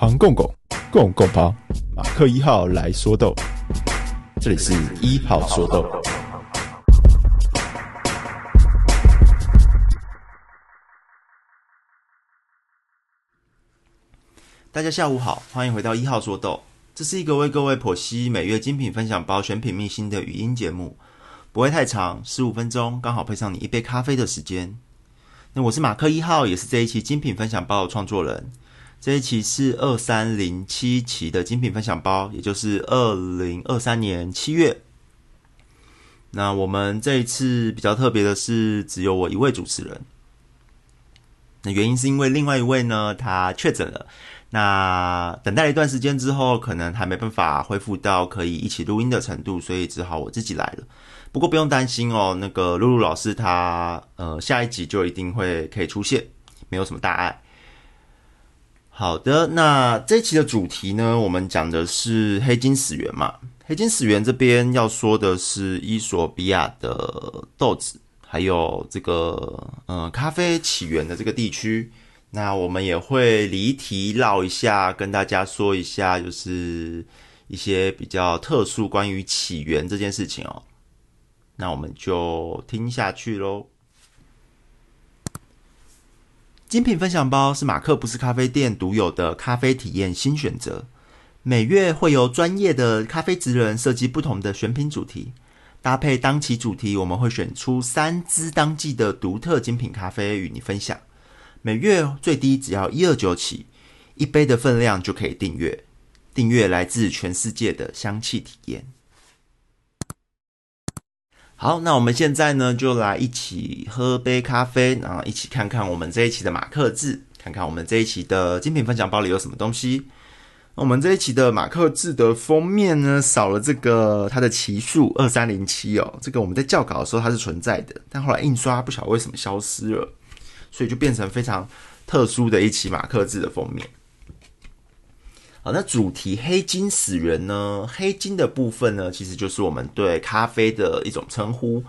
刨公公公共刨。馬克一號來說豆，這裡是一號說豆。大家下午好，歡迎回到一號說豆，這是一個為各位剖析每月精品分享包選品秘辛的語音節目，不會太長，十五分鐘，剛好配上你一杯咖啡的時間。那我是馬克一號，也是這一期精品分享包的創作人。這一期是二三零七期的精品分享包，也就是二零二三年七月。那我們這一次比較特別的是，只有我一位主持人。那原因是因為另外一位呢，他確診了。那等待了一段時間之後，可能還沒辦法恢復到可以一起錄音的程度，所以只好我自己來了。不過不用擔心哦，那個露露老師他呃下一集就一定會可以出現，沒有什麼大礙。好的，那這一期的主題呢，我們講的是黑金始源嘛。黑金始源這邊要說的是衣索比亞的豆子，還有這個嗯咖啡起源的這個地區。那我們也會離題繞一下，跟大家說一下，就是一些比較特殊關於起源這件事情哦、喔。那我們就聽下去嘍。精品分享包是馬克不是咖啡店獨有的咖啡體驗新選擇，每月會由專業的咖啡職人設計不同的選品主題，搭配當期主題，我們會選出三支當季的獨特精品咖啡與你分享。每月最低只要一二九起一杯的分量就可以訂閱，訂閱來自全世界的香氣體驗。好，那我們現在呢，就來一起喝杯咖啡，然後一起看看我們這一期的馬克誌，看看我們這一期的精品分享包裡有什麼東西。那我們這一期的馬克誌的封面呢，少了這個它的期數二三零七哦，這個我們在校稿的時候它是存在的，但後來印刷不曉得為什麼消失了，所以就變成非常特殊的一期馬克誌的封面。好，那主題黑金始源呢，黑金的部分呢，其實就是我們對咖啡的一種稱呼。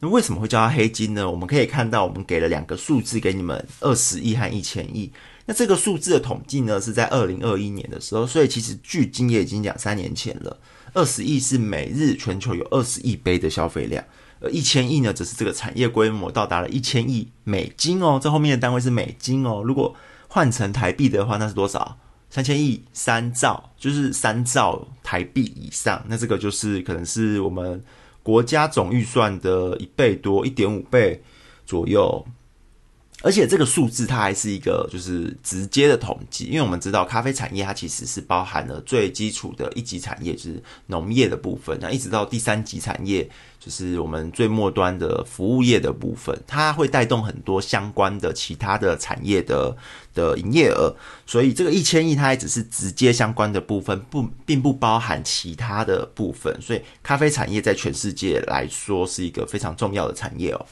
那為什麼會叫它黑金呢？我們可以看到，我們給了兩個數字給你們：二十億和一千億。那這個數字的統計呢，是在二零二一年的時候，所以其實距今也已經兩三年前了。二十億是每日全球有二十億杯的消費量，而一千億呢，則是這個產業規模到達了一千億美金哦。這後面的單位是美金哦。如果換成台幣的話，那是多少？三千億三兆，就是三兆台幣以上，那這個就是可能是我們國家總預算的一倍多，一點五倍左右。而且這個數字它還是一個就是直接的統計，因為我們知道咖啡產業它其實是包含了最基礎的一級產業，就是農業的部分。那一直到第三級產業，就是我們最末端的服務業的部分，它會帶動很多相關的其他的產業的的營業額。所以這個一千億它也只是直接相關的部分，不並不包含其他的部分。所以咖啡產業在全世界來說是一個非常重要的產業哦。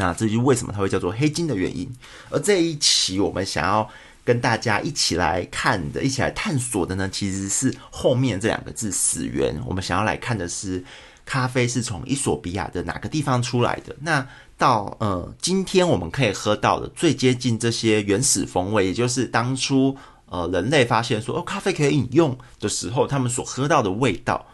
那這就是為什麼它會叫做黑金的原因。而這一期我們想要跟大家一起來看的，一起來探索的呢，其實是後面這兩個字“始源”。我們想要來看的是咖啡是從衣索比亞的哪個地方出來的。那到呃，今天我們可以喝到的最接近這些原始風味，也就是當初呃人類發現說哦，咖啡可以飲用的時候，他們所喝到的味道。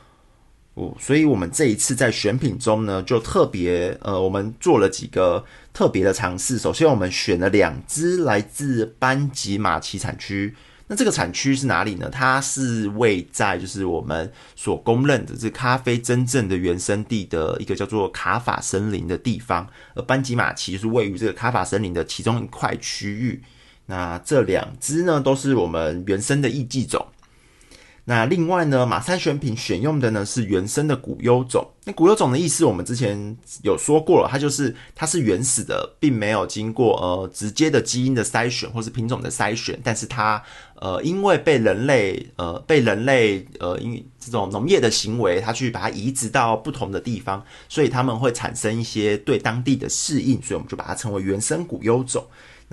哦，所以，我們這一次在選品中呢，就特別，呃，我們做了幾個特別的嘗試。首先，我們選了兩支來自班吉馬奇產區。那這個產區是哪裡呢？它是位在就是我們所公認的這咖啡真正的原生地的一個叫做卡法森林的地方。而班吉馬奇是位於這個卡法森林的其中一塊區域。那這兩支呢，都是我們原生的藝伎種。那另外呢，馬三選品選用的呢是原生的古優種。那古優種的意思，我們之前有說過了，它就是它是原始的，並沒有經過呃直接的基因的篩選或是品種的篩選。但是它呃因為被人類呃被人類呃因這種農業的行為，它去把它移植到不同的地方，所以它們會產生一些對當地的適應，所以我們就把它稱為原生古優種。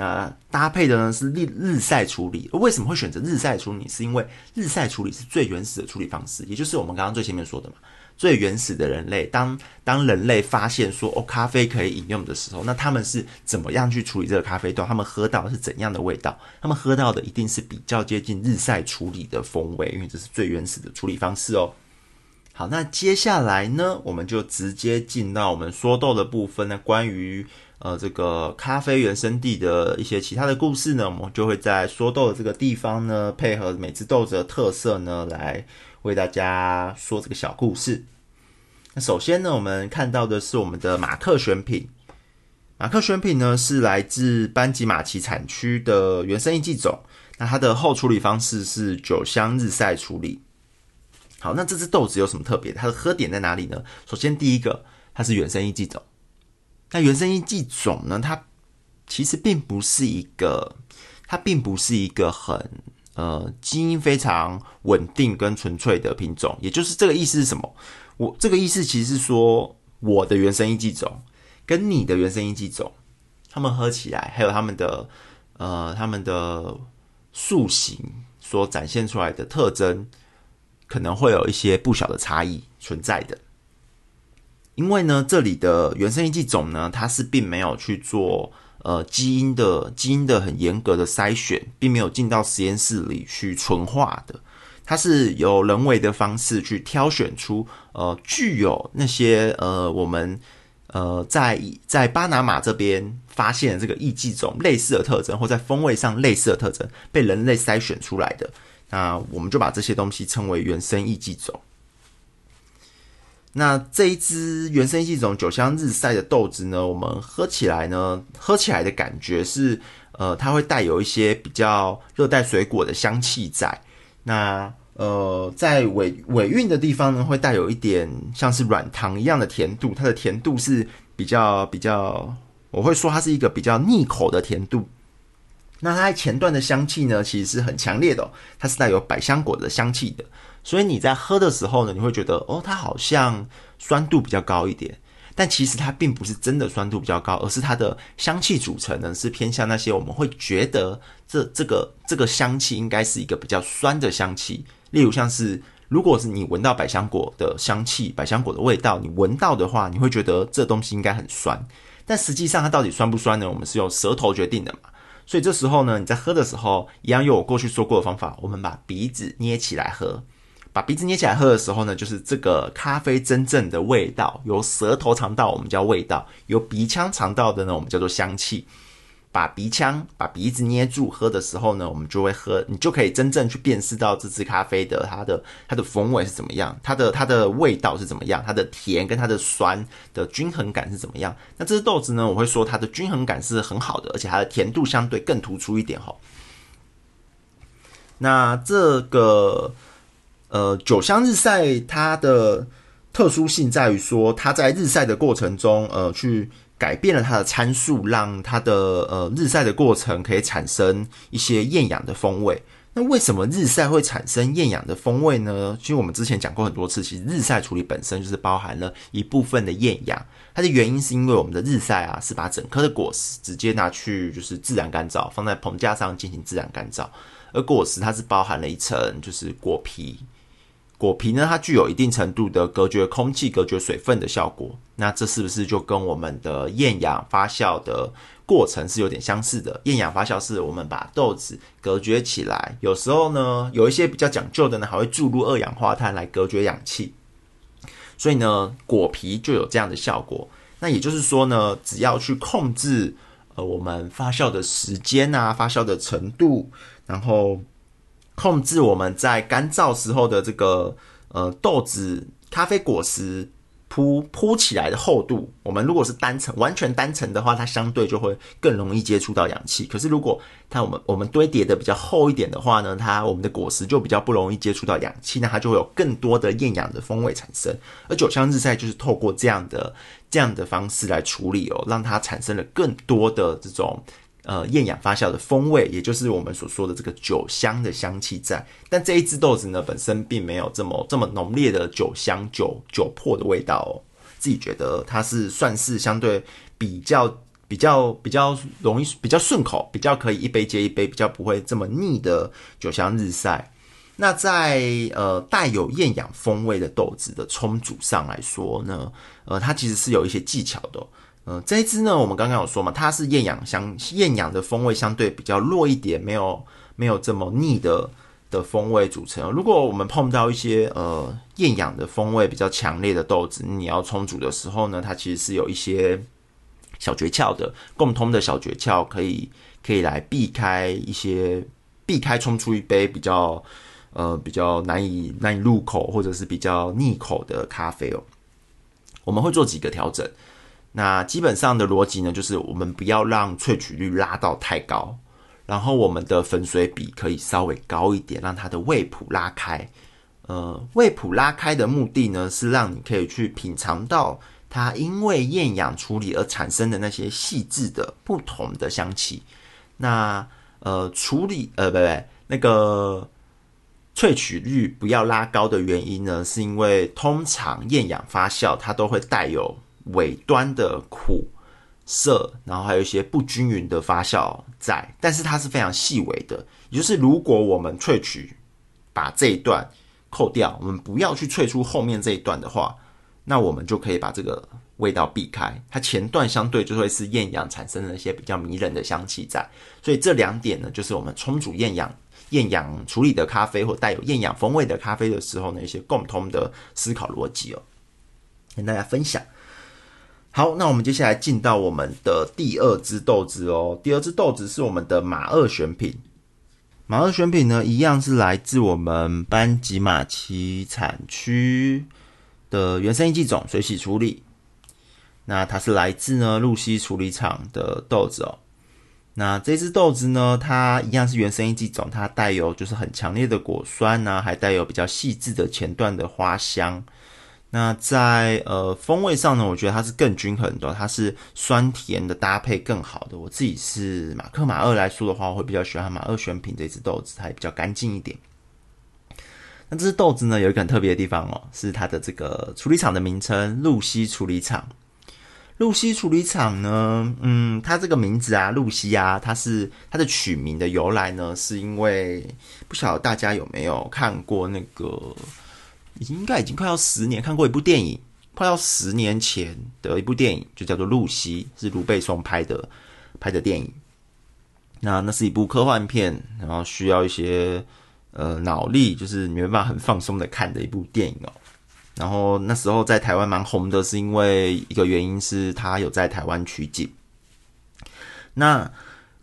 呃，搭配的呢是日日曬處理。為什麼會選擇日曬處理？是因為日曬處理是最原始的處理方式，也就是我們剛剛最前面說的嘛。最原始的人類，當當人類發現說哦，咖啡可以飲用的時候，那他們是怎麼樣去處理這個咖啡豆？他們喝到的是怎樣的味道？他們喝到的一定是比較接近日曬處理的風味，因為這是最原始的處理方式哦。好，那接下來呢，我們就直接進到我們說豆的部分呢，關於。呃，這個咖啡原生地的一些其他的故事呢，我們就會在說豆的這個地方呢，配合每只豆子的特色呢，來為大家說這個小故事。那首先呢，我們看到的是我們的馬克選品。馬克選品呢是來自班吉馬奇產區的原生藝伎種。那它的後處理方式是酒香日曬處理。好，那這只豆子有什麼特別的？它的喝點在哪裡呢？首先第一個，它是原生藝伎種。那原生藝伎種呢，它其實並不是一個，它並不是一個很呃基因非常穩定跟純粹的品種。也就是這個意思是什麼？我這個意思其實是說，我的原生藝伎種跟你的原生藝伎種，他們喝起來還有他們的呃他們的樹形，所展現出來的特徵，可能會有一些不小的差異存在的。因為呢，這裡的原生藝伎種呢，它是並沒有去做呃基因的基因的很嚴格的篩選，並沒有進到實驗室裡去純化的，它是有人為的方式去挑選出呃具有那些呃我們呃在在巴拿馬這邊發現的這個藝伎種類似的特徵或在風味上類似的特徵被人類篩選出來的，那我們就把這些東西稱為原生藝伎種。那這一支原生藝伎種酒香日曬的豆子呢，我們喝起來呢，喝起來的感覺是，呃，它會帶有一些比較熱帶水果的香氣在。那呃，在尾尾韻的地方呢，會帶有一點像是軟糖一樣的甜度，它的甜度是比較比較，我會說它是一個比較膩口的甜度。那它前段的香氣呢，其實是很強烈的喔，它是帶有百香果的香氣的。所以你在喝的時候呢，你會覺得哦，它好像酸度比較高一點，但其實它並不是真的酸度比較高，而是它的香氣組成呢，是偏向那些我們會覺得這這個這個香氣應該是一個比較酸的香氣。例如像是如果是你聞到百香果的香氣，百香果的味道，你聞到的話，你會覺得這東西應該很酸，但實際上它到底酸不酸呢？我們是用舌頭決定的嘛。所以這時候呢，你在喝的時候，一樣用我過去說過的方法，我們把鼻子捏起來喝。把鼻子捏起來喝的時候呢，就是這個咖啡真正的味道由舌頭嘗到，我們叫味道；由鼻腔嘗到的呢，我們叫做香氣。把鼻腔、把鼻子捏住喝的時候呢，我們就會喝，你就可以真正去辨識到這支咖啡的它的它的風味是怎麼樣，它的它的味道是怎麼樣，它的甜跟它的酸的均衡感是怎麼樣。那這支豆子呢，我會說它的均衡感是很好的，而且它的甜度相對更突出一點吼，那這個。呃，酒香日曬它的特殊性在於說，它在日曬的過程中，呃，去改變了它的參數，讓它的呃日曬的過程可以產生一些厭氧的風味。那為什麼日曬會產生厭氧的風味呢？其實我們之前講過很多次，其實日曬處理本身就是包含了一部分的厭氧。它的原因是因為我們的日曬啊，是把整顆的果實直接拿去就是自然乾燥，放在棚架上進行自然乾燥。而果實它是包含了一層就是果皮。果皮呢，它具有一定程度的隔絕空氣、隔絕水分的效果。那這是不是就跟我們的厭氧發酵的過程是有點相似的？厭氧發酵是我們把豆子隔絕起來，有時候呢，有一些比較講究的呢，還會注入二氧化碳來隔絕氧氣。所以呢，果皮就有這樣的效果。那也就是說呢，只要去控制呃我們發酵的時間啊，發酵的程度，然後。控制我們在乾燥時候的這個呃豆子咖啡果實鋪鋪起來的厚度，我們如果是單層完全單層的話，它相對就會更容易接觸到氧氣。可是如果它我們我們堆疊的比較厚一點的話呢，它我們的果實就比較不容易接觸到氧氣，那它就會有更多的厭氧的風味產生。而酒香日曬就是透過這樣的這樣的方式來處理哦，讓它產生了更多的這種。呃，厭氧發酵的風味，也就是我們所說的這個酒香的香氣在。但這一支豆子呢，本身並沒有這麼這麼濃烈的酒香、酒酒粕的味道哦。自己覺得它是算是相對比較比較比較容易、比較順口、比較可以一杯接一杯，比較不會這麼膩的酒香日曬。那在呃帶有厭氧風味的豆子的沖煮上來說呢，呃，它其實是有一些技巧的。嗯、呃，這一支呢，我們剛剛有說嘛，它是厭氧相厭氧的風味相對比較弱一點，沒有沒有這麼膩的的風味組成哦。如果我們碰到一些呃厭氧的風味比較強烈的豆子，你要沖煮的時候呢，它其實是有一些小訣竅的，共通的小訣竅可以可以來避開一些避開沖出一杯比較呃比較難以難以入口或者是比較膩口的咖啡哦。我們會做幾個調整。那基本上的邏輯呢，就是我們不要讓萃取率拉到太高，然後我們的粉水比可以稍微高一點，讓它的味譜拉開。呃，味譜拉開的目的呢，是讓你可以去品嘗到它因為厭氧處理而產生的那些細緻的不同的香氣。那呃，處理呃，不不，不，那個萃取率不要拉高的原因呢，是因為通常厭氧發酵它都會帶有。尾端的苦澀，然後還有一些不均勻的發酵在，但是它是非常細微的。也就是如果我們萃取把這一段扣掉，我們不要去萃出後面這一段的話，那我們就可以把這個味道避開。它前段相對就會是厭氧產生的一些比較迷人的香氣在。所以這兩點呢，就是我們沖煮厭氧厭氧處理的咖啡或帶有厭氧風味的咖啡的時候呢，一些共通的思考邏輯哦，跟大家分享。好，那我們接下來進到我們的第二支豆子哦。第二支豆子是我們的馬二選品，馬二選品呢，一樣是來自我們班吉馬奇產區的原生藝伎種，水洗處理。那它是來自呢，露西處理廠的豆子哦。那這支豆子呢，它一樣是原生藝伎種，它帶有就是很強烈的果酸呢，啊，還帶有比較細緻的前段的花香。那在呃風味上呢，我覺得它是更均衡的哦，它是酸甜的搭配更好的。我自己是馬克馬二來說的話，我會比較喜歡馬二選品這只豆子，它也比較乾淨一點。那這只豆子呢，有一個很特別的地方哦，是它的這個處理廠的名稱——露西處理廠。露西處理廠呢，嗯，它這個名字啊，露西啊，它是它的取名的由來呢，是因為不曉得大家有沒有看過那個。應該已經快到十年，看過一部電影，快到十年前的一部電影，就叫做《露西》，是盧貝松拍的拍的電影。那那是一部科幻片，然後需要一些呃腦力，就是沒辦法很放鬆的看的一部電影哦。然後那時候在台灣蠻紅的，是因為一個原因是它有在台灣取景。那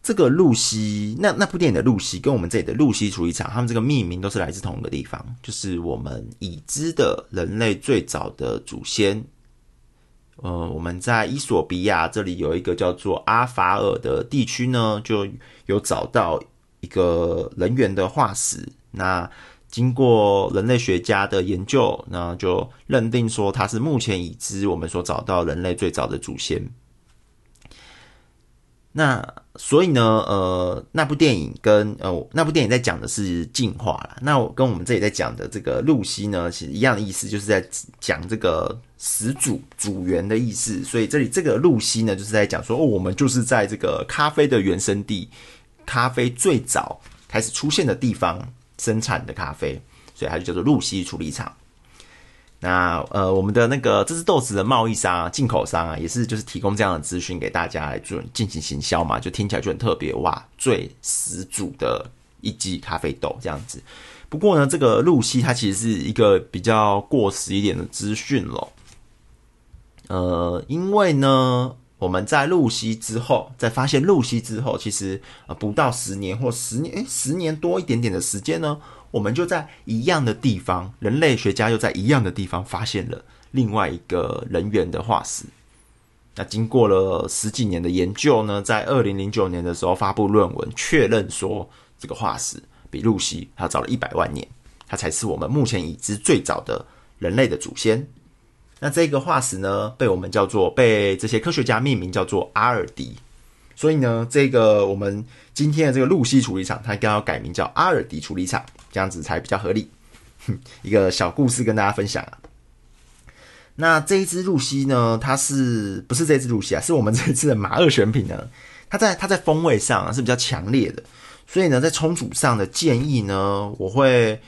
這個露西，那那部電影的露西，跟我們這裡的露西處理廠，他們這個命名都是來自同一個地方，就是我們已知的人類最早的祖先。呃，我們在衣索比亞這裡有一個叫做阿法爾的地區呢，就有找到一個人猿的化石。那經過人類學家的研究，那就認定說它是目前已知我們所找到人類最早的祖先。那所以呢，呃，那部電影跟呃那部電影在講的是進化啦。那我跟我們這裡在講的這個露西呢，其實一樣的意思，就是在講這個始祖祖源的意思。所以這裡這個露西呢，就是在講說，哦，我們就是在這個咖啡的原生地，咖啡最早開始出現的地方生產的咖啡，所以它就叫做露西處理廠。那呃，我們的那個這支豆子的貿易商啊、進口商啊，也是就是提供這樣的資訊給大家來進行行銷嘛，就聽起來就很特別哇，最始祖的一支咖啡豆這樣子。不過呢，這個露西它其實是一個比較過時一點的資訊咯。呃，因為呢。我們在露西之後，在發現露西之後，其實呃不到十年或十年，誒十年多一點點的時間呢，我們就在一樣的地方，人類學家又在一樣的地方發現了另外一個人猿的化石。那經過了十幾年的研究呢，在二零零九年的時候發布論文，確認說這個化石比露西它早了一百萬年，它才是我們目前已知最早的人類的祖先。那這個化石呢，被我們叫做，被這些科學家命名叫做阿爾迪，所以呢，這個我們今天的這個露西處理廠，它應該要改名叫阿爾迪處理廠，這樣子才比較合理。哼，一個小故事跟大家分享啊。那這一只露西呢，它是不是這隻露西啊？是我們這一次的馬二選品呢？啊？它在它在風味上啊，是比較強烈的，所以呢，在沖煮上的建議呢，我會。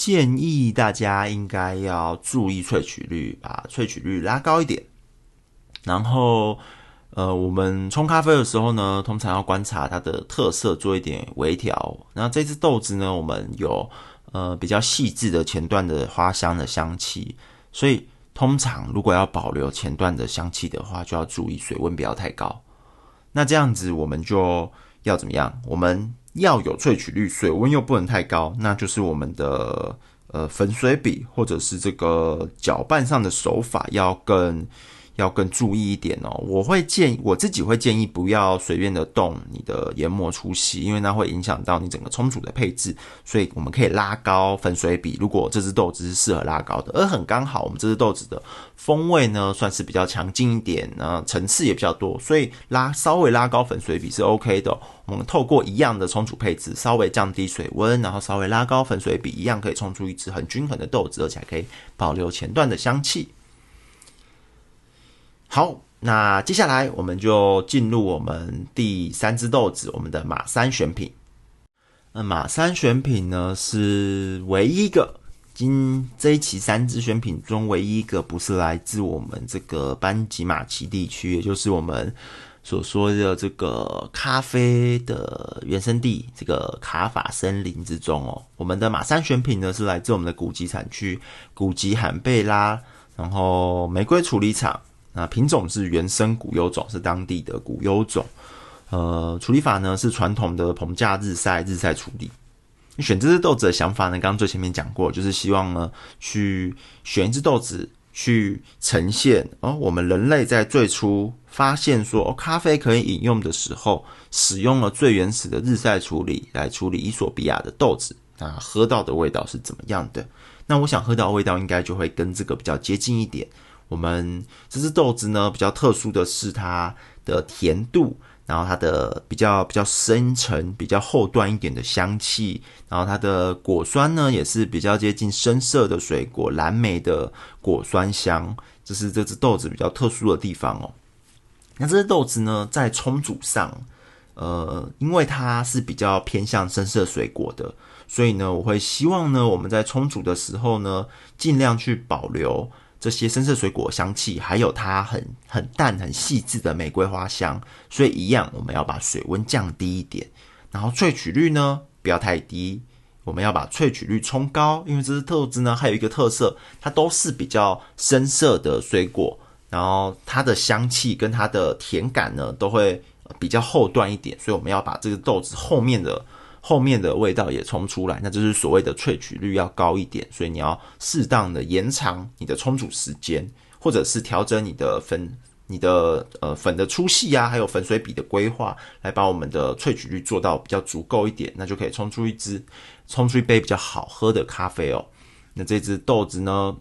建議大家應該要注意萃取率，把萃取率拉高一點，然後，呃，我們沖咖啡的時候呢，通常要觀察它的特色，做一點微調。那這支豆子呢，我們有呃比較細緻的前段的花香的香氣，所以通常如果要保留前段的香氣的話，就要注意水溫不要太高。那這樣子，我們就要怎麼樣？我們。要有萃取率，水溫又不能太高，那就是我們的呃粉水比，或者是這個攪拌上的手法要跟。要更注意一點哦，喔，我會建議，我自己會建議不要隨便的動你的研磨粗細，因為那會影響到你整個沖煮的配置。所以我們可以拉高粉水比，如果這支豆子是適合拉高的，而很剛好，我們這支豆子的風味呢算是比較強勁一點，呢，呃、層次也比較多，所以拉稍微拉高粉水比是 OK 的，喔。我們透過一樣的沖煮配置，稍微降低水溫，然後稍微拉高粉水比，一樣可以沖出一支很均衡的豆子，而且還可以保留前段的香氣。好，那接下來我們就進入我們第三隻豆子，我們的馬三選品。那馬三選品呢，是唯一一個今這一期三隻選品中唯一一個不是來自我們這個班吉馬奇地區，也就是我們所說的這個咖啡的原生地——這個卡法森林之中哦。我們的馬三選品呢，是來自我們的古吉產區古吉罕貝拉，然後玫瑰處理廠。那品種是原生古優種，是當地的古優種。呃，處理法呢是傳統的棚架日曬日曬處理。選這支豆子的想法呢，剛剛最前面講過，就是希望呢去選一只豆子去呈現哦，我們人類在最初發現說、哦、咖啡可以飲用的時候，使用了最原始的日曬處理來處理伊索比亞的豆子啊，那喝到的味道是怎麼樣的？那我想喝到的味道應該就會跟這個比較接近一點。我們這隻豆子呢，比較特殊的是它的甜度，然後它的比較比較深沉，比較後段一點的香氣，然後它的果酸呢也是比較接近深色的水果藍莓的果酸香，這是這隻豆子比較特殊的地方哦。那這支豆子呢，在沖煮上，呃，因為它是比較偏向深色水果的，所以呢，我會希望呢，我們在沖煮的時候呢，盡量去保留。這些深色水果香氣，還有它很很淡、很細緻的玫瑰花香，所以一樣我們要把水溫降低一點，然後萃取率呢不要太低，我們要把萃取率衝高，因為這支豆子呢還有一個特色，它都是比較深色的水果，然後它的香氣跟它的甜感呢都會比較後段一點，所以我們要把這個豆子後面的。後面的味道也沖出來，那就是所謂的萃取率要高一點，所以你要適當的延長你的沖煮時間，或者是調整你的粉、你的呃粉的粗細呀、啊，還有粉水比的規劃，來把我們的萃取率做到比較足夠一點，那就可以沖出一支沖出一杯比較好喝的咖啡哦、喔。那這只豆子呢？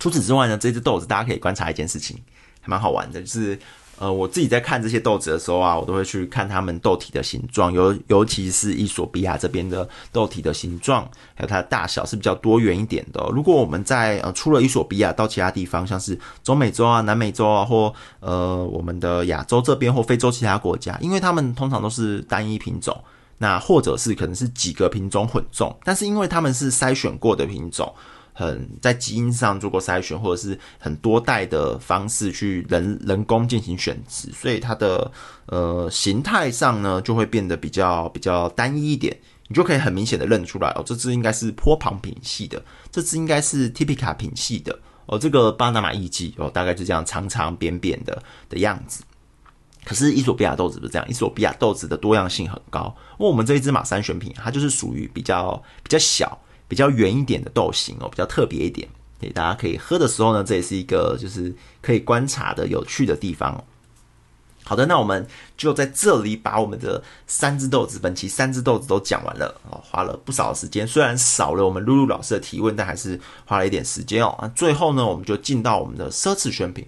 除此之外呢，這只豆子大家可以觀察一件事情，還蠻好玩的，就是。呃，我自己在看這些豆子的時候啊，我都會去看它們豆體的形狀，尤尤其是伊索比亞這邊的豆體的形狀，還有它的大小是比較多元一點的。如果我們在呃出了伊索比亞到其他地方，像是中美洲啊、南美洲啊，或呃我們的亞洲這邊或非洲其他國家，因為他們通常都是單一品種，那或者是可能是幾個品種混種，但是因為他們是篩選過的品種，很在基因上做過篩選，或者是很多代的方式去人人工進行選殖，所以它的呃形態上呢就會變得比較比較單一一點，你就可以很明顯的認出來哦，這只應該是波旁品系的，這只應該是 Typica 品系的，哦，這個巴拿馬藝伎哦，大概就這樣長長扁扁的的樣子。可是伊索比亞豆子不是這樣，伊索比亞豆子的多樣性很高，因為我們這一只馬三選品，它就是屬於比較比較小。比較圓一點的豆型，哦，比較特別一點，給大家可以喝的時候呢，這也是一個就是可以觀察的有趣的地方哦。好的，那我們就在這裡把我們的三只豆子本期三只豆子都講完了哦，花了不少的時間，雖然少了我們露露老師的提問，但還是花了一點時間哦。那，啊，最後呢，我們就進到我們的奢侈選品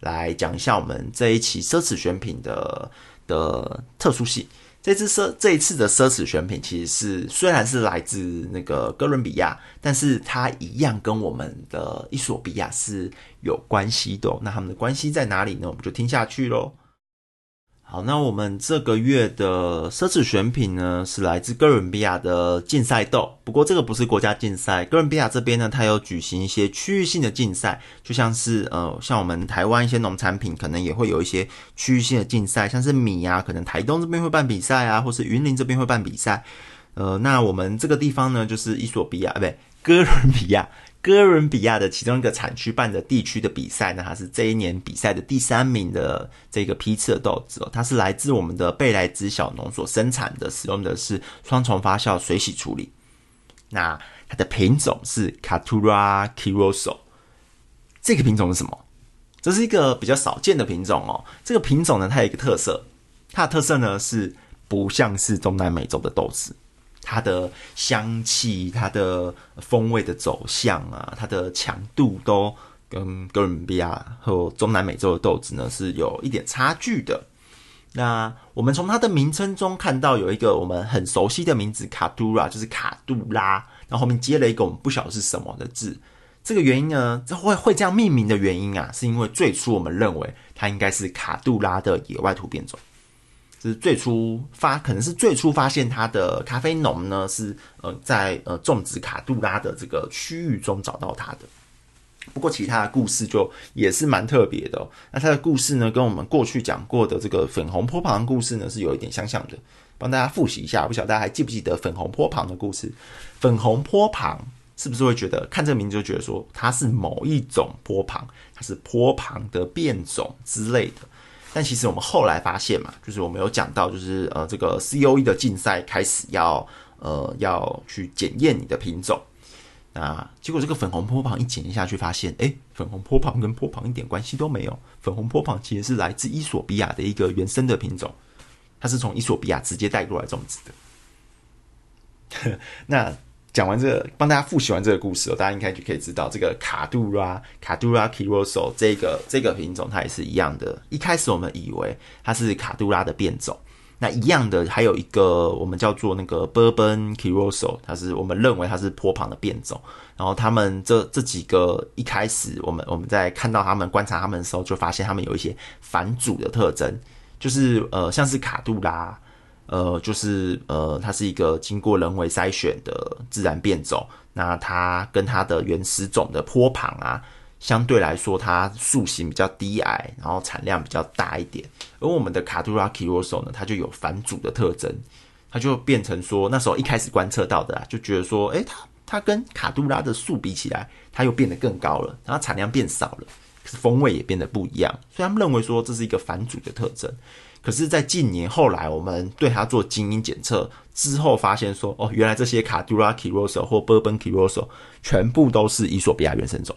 來講一下我們這一期奢侈選品的的特殊性。這次奢，這一次的奢侈選品，其實是雖然是來自那個哥倫比亞，但是它一樣跟我們的衣索比亞是有關係的哦。那他們的關係在哪裡呢？我們就聽下去嘍。好，那我們這個月的奢侈選品呢，是來自哥倫比亞的競賽豆。不過這個不是國家競賽，哥倫比亞這邊呢，它有舉行一些區域性的競賽，就像是呃，像我們台灣一些農產品，可能也會有一些區域性的競賽，像是米啊，可能台東這邊會辦比賽啊，或是雲林這邊會辦比賽。呃，那我們這個地方呢，就是伊索比亞，不對，哥倫比亞。哥倫比亞的其中一個產區辦的地區的比賽呢，它是這一年比賽的第三名的這個批次的豆子哦，它是來自我們的貝萊茲小農所生產的，使用的是雙重發酵水洗處理。那它的品種是 Caturra Chiroso 這個品種是什麼？這是一個比較少見的品種哦。這個品種呢，它有一個特色，它的特色呢是不像是中南美洲的豆子。它的香氣、它的風味的走向啊，它的強度都跟哥倫比亞和中南美洲的豆子呢是有一點差距的。那我們從它的名稱中看到有一個我們很熟悉的名字卡杜拉，就是卡杜拉，然後後面接了一個我們不曉得是什麼的字。這個原因呢，這會會這樣命名的原因啊，是因為最初我們認為它應該是卡杜拉的野外突變種。是最初發，可能是最初發現它的咖啡農呢，是呃在呃種植卡杜拉的這個區域中找到它的。不過其他的故事就也是蠻特別的哦。那它的故事呢，跟我們過去講過的這個粉紅波旁的故事呢，是有一點相像像的。幫大家複習一下，不曉得大家還記不記得粉紅波旁的故事？粉紅波旁是不是會覺得看這個名字就覺得說它是某一種波旁，它是波旁的變種之類的？但其實我們後來發現嘛，就是我們有講到，就是呃，這個 C O E 的競賽開始要呃要去檢驗你的品種，那結果這個粉紅波旁一檢驗下去，發現哎、欸，粉紅波旁跟波旁一點關係都沒有。粉紅波旁其實是來自伊索比亞的一個原生的品種，它是從伊索比亞直接帶過來種植的。 那講完這個，幫大家複習完這個故事哦、喔，大家應該就可以知道，這個卡杜拉、卡杜拉、Chiroso 這個這個品種，它也是一樣的。一開始我們以為它是卡杜拉的變種，那一樣的還有一個我們叫做那個 Bourbon Chiroso，它是我們認為它是波旁的變種。然後他們這這幾個一開始我們我們在看到他們觀察他們的時候，就發現他們有一些返祖的特徵，就是呃，像是卡杜拉。呃，就是呃，它是一個經過人為篩選的自然變種。那它跟它的原始種的坡旁啊，相對來說，它樹形比較低矮，然後產量比較大一點。而我們的卡杜拉奇 u i 呢，它就有反祖的特徵，它就變成說，那時候一開始觀測到的，啊，就覺得說，哎，它它跟卡杜拉的樹比起來，它又變得更高了，然後產量變少了，可是風味也變得不一樣，所以他們認為說這是一個反祖的特徵。可是，在近年後來，我們對它做基因檢測之後，發現說，哦，原來這些卡杜拉基羅索或波本基羅索全部都是衣索比亞原生種。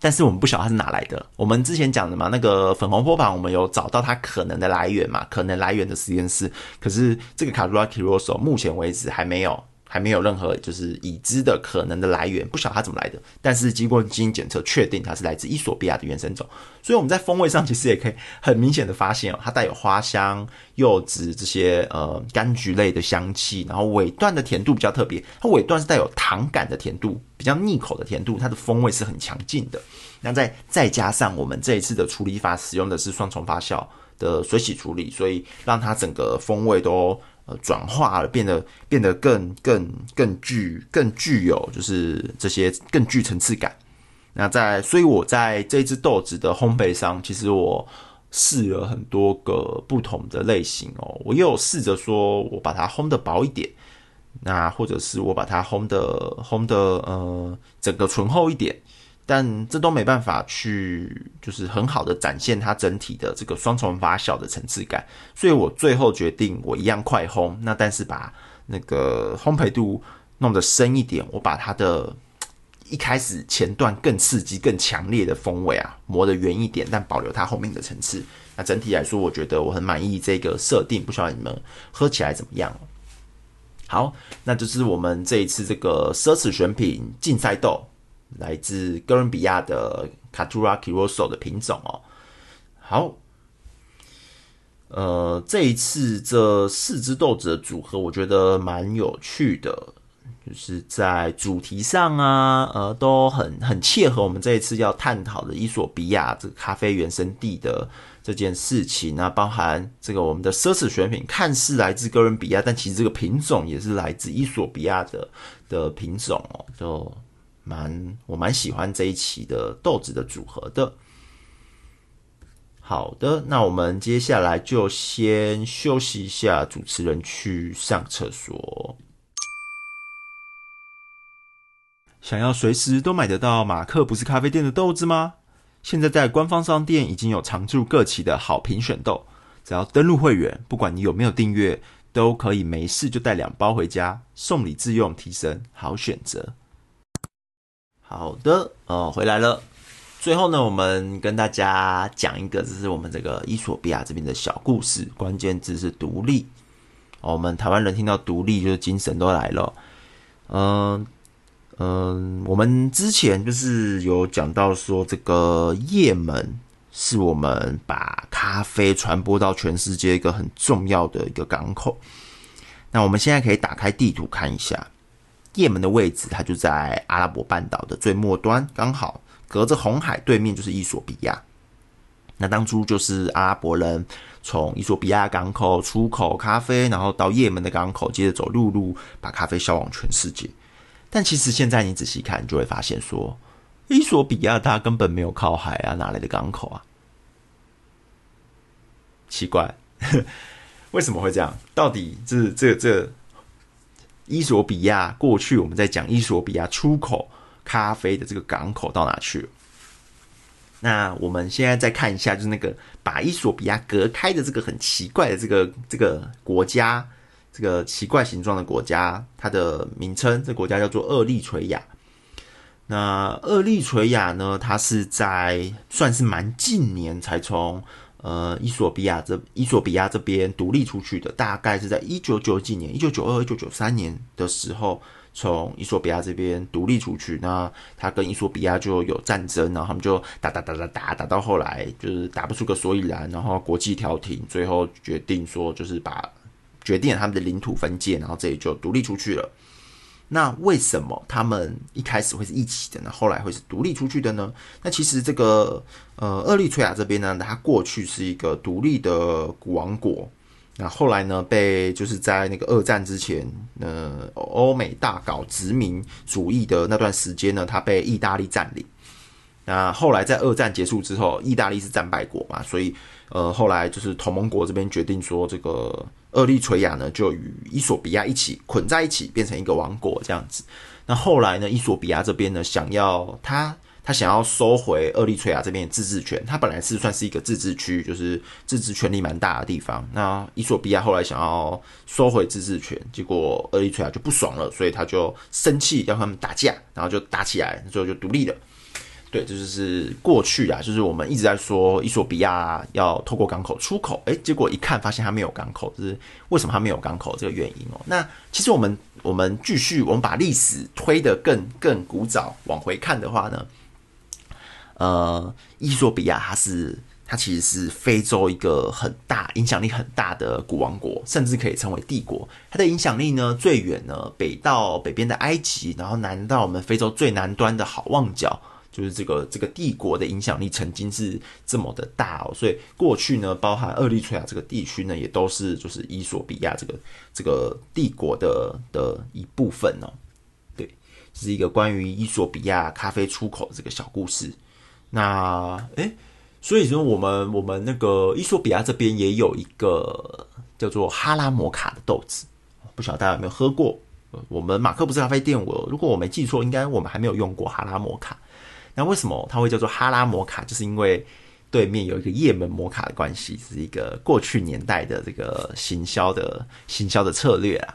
但是，我們不曉得它是哪來的。我們之前講的嘛，那個粉紅波旁我們有找到它可能的來源嘛，可能來源的實驗室。可是，這個卡杜拉基羅索，目前為止還沒有。還沒有任何就是已知的可能的來源，不曉得它怎麼來的。但是經過基因檢測確定它是來自衣索比亞的原生種，所以我們在風味上其實也可以很明顯的發現哦、喔，它帶有花香、柚子這些呃柑橘類的香氣，然後尾段的甜度比較特別，它尾段是帶有糖感的甜度，比較膩口的甜度，它的風味是很強勁的。那再再加上我們這一次的處理法，使用的是雙重發酵的水洗處理，所以讓它整個風味都。呃，轉化了，變得變得更更更具更具有、喔，就是這些更具層次感。那在所以我在這支豆子的烘焙上，其實我試了很多個不同的類型哦、喔，我也有試着說我把它烘得薄一點，那或者是我把它烘得烘得呃整個醇厚一點。但這都沒辦法去，就是很好的展現它整體的這個雙重發酵的層次感。所以我最後決定，我一樣快烘，那但是把那個烘焙度弄得深一點，我把它的一開始前段更刺激、更強烈的風味啊磨得圓一點，但保留它後面的層次。那整體來說，我覺得我很滿意這個設定。不曉得你們喝起來怎麼樣？好，那就是我們這一次這個奢侈選品競賽豆。來自哥倫比亞的 Caturra Chiroso 的品種哦。好，呃，這一次這四支豆子的組合，我覺得蠻有趣的，就是在主題上啊，呃，都很很切合我們這一次要探討的伊索比亞這個咖啡原生地的這件事情啊，包含這個我們的奢侈選品，看似來自哥倫比亞，但其實這個品種也是來自伊索比亞的的品種哦，就。蠻，我蠻喜歡這一期的豆子的組合的。好的，那我們接下來就先休息一下，主持人去上廁所。想要隨時都買得到馬克不是咖啡店的豆子嗎？現在在官方商店已經有常駐各期的好評選豆，只要登錄會員，不管你有沒有訂閱，都可以沒事就帶兩包回家，送禮自用，提升好選擇。好的，呃，哦，回來了。最後呢，我們跟大家講一個，這是我們這個衣索比亞這邊的小故事。關鍵字是獨立。哦，我們台灣人聽到獨立，就是精神都來了。嗯嗯，我們之前就是有講到說，這個葉門是我們把咖啡傳播到全世界一個很重要的一個港口。那我們現在可以打開地圖看一下。葉門的位置，它就在阿拉伯半島的最末端，剛好隔着紅海，對面就是衣索比亞。那當初就是阿拉伯人從衣索比亞港口出口咖啡，然後到葉門的港口接著，接着走陸路把咖啡銷往全世界。但其實現在你仔細看，你就會發現說，衣索比亞它根本沒有靠海啊，哪來的港口啊？奇怪，為什麼會這樣？到底這這這這伊索比亞過去我們在講伊索比亞出口咖啡的這個港口到哪去了？那我們現在再看一下，就是那個把伊索比亞隔開的這個很奇怪的這個這個國家，這個奇怪形狀的國家，它的名稱，這國家叫做厄利垂亞。那厄利垂亞呢，它是在算是蠻近年才從。呃，衣索比亞這衣索比亞這邊獨立出去的，大概是在一九九幾年、一九九二、一九九三年的時候，從衣索比亞這邊獨立出去。那他跟衣索比亞就有戰爭，然後他們就打打打打打打，打到後來就是打不出個所以然，然後國際調停，最後決定說就是把決定了他們的領土分界，然後這裡就獨立出去了。那為什麼他們一開始會是一起的呢？後來會是獨立出去的呢？那其實這個呃，厄立垂亞這邊呢，它過去是一個獨立的古王國。那後來呢，被就是在那個二戰之前，呃，歐美大搞殖民主義的那段時間呢，它被意大利占領。那後來在二戰結束之後，意大利是戰敗國嘛，所以呃，後來就是同盟國這邊決定說這個。厄立垂亞呢，就與衣索比亞一起捆在一起，變成一個王國這樣子。那後來呢，衣索比亞這邊呢，想要他，他想要收回厄立垂亞這邊的自治權，他本來是算是一個自治區，就是自治權力蠻大的地方。那衣索比亞後來想要收回自治權，結果厄立垂亞就不爽了，所以他就生氣，要他們打架，然後就打起來，最後就獨立了。對，這就是過去啊，就是我們一直在說，衣索比亞要透過港口出口，誒，結果一看發現它沒有港口，就是為什麼它沒有港口這個原因哦。那其實我們我們繼續，我們把歷史推得更更古早，往回看的話呢，呃，衣索比亞它是它其實是非洲一個很大影響力很大的古王國，甚至可以稱為帝國。它的影響力呢最遠呢北到北邊的埃及，然後南到我們非洲最南端的好望角。就是這個這個帝國的影響力曾經是這麼的大哦，所以過去呢，包含厄利垂亞這個地區呢，也都是就是伊索比亞這個這個帝國的的一部分哦。對，是一個關於伊索比亞咖啡出口的這個小故事。那誒，所以說我們我們那個伊索比亞這邊也有一個叫做哈拉摩卡的豆子，不曉得大家有沒有喝過？我們馬克不是咖啡店，我如果我沒記錯，應該我們還沒有用過哈拉摩卡。那為什麼它會叫做哈拉摩卡？就是因為對面有一個葉門摩卡的關係，是一個過去年代的這個行銷的行銷的策略啊。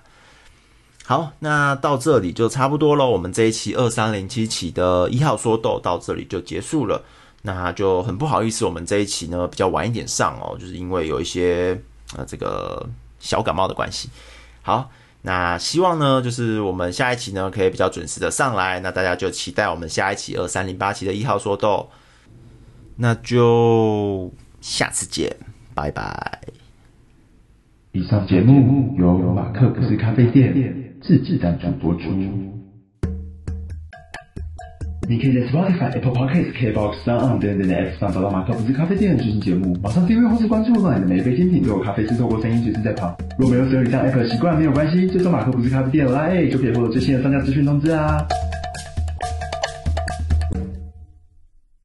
好，那到這裡就差不多囉。我們這一期二三零七期的一號說豆到這裡就結束了。那就很不好意思，我們這一期呢比較晚一點上哦，就是因為有一些呃這個小感冒的關係。好。那希望呢，就是我們下一期呢可以比較準時的上來，那大家就期待我們下一期二三零八期的一號說豆，那就下次見，拜拜。以上節目由馬克不是咖啡店自製贊助播出。你可以在 Spotify Apple s, box,、Apple、嗯、Podcasts、KBox、SoundOn 等等的 App 上找到馬克不是咖啡店的最新節目。馬上訂閱或是關注我們的每一杯精品都有咖啡師透過聲音隨時在旁。若沒有使用以上 App 習慣沒有關係，就追蹤馬克不是咖啡店拉 A、欸、就可以獲得最新的商家資訊通知啦。